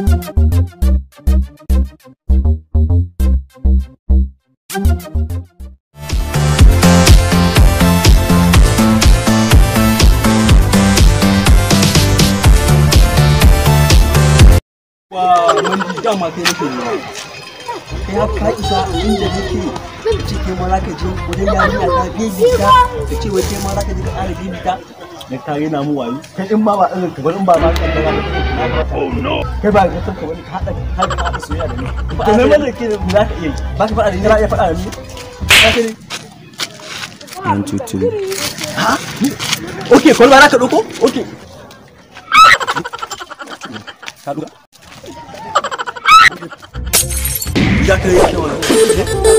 dama kai nake nema ya ka isa inda nake cikin ma za ka je wajen yarinya ta bibita ka ce wajen ma za ka ka ƙara bibita dan ka yana mu wayo kai in ba ba irin ka in ba ba ka da wani oh, kai ba ka ka wani hada hada hada soyayya da ni to me mana ke za ka iya ba ka fada da ni ka iya fada da ni ka ha okay ka doko okay ka duka ya kai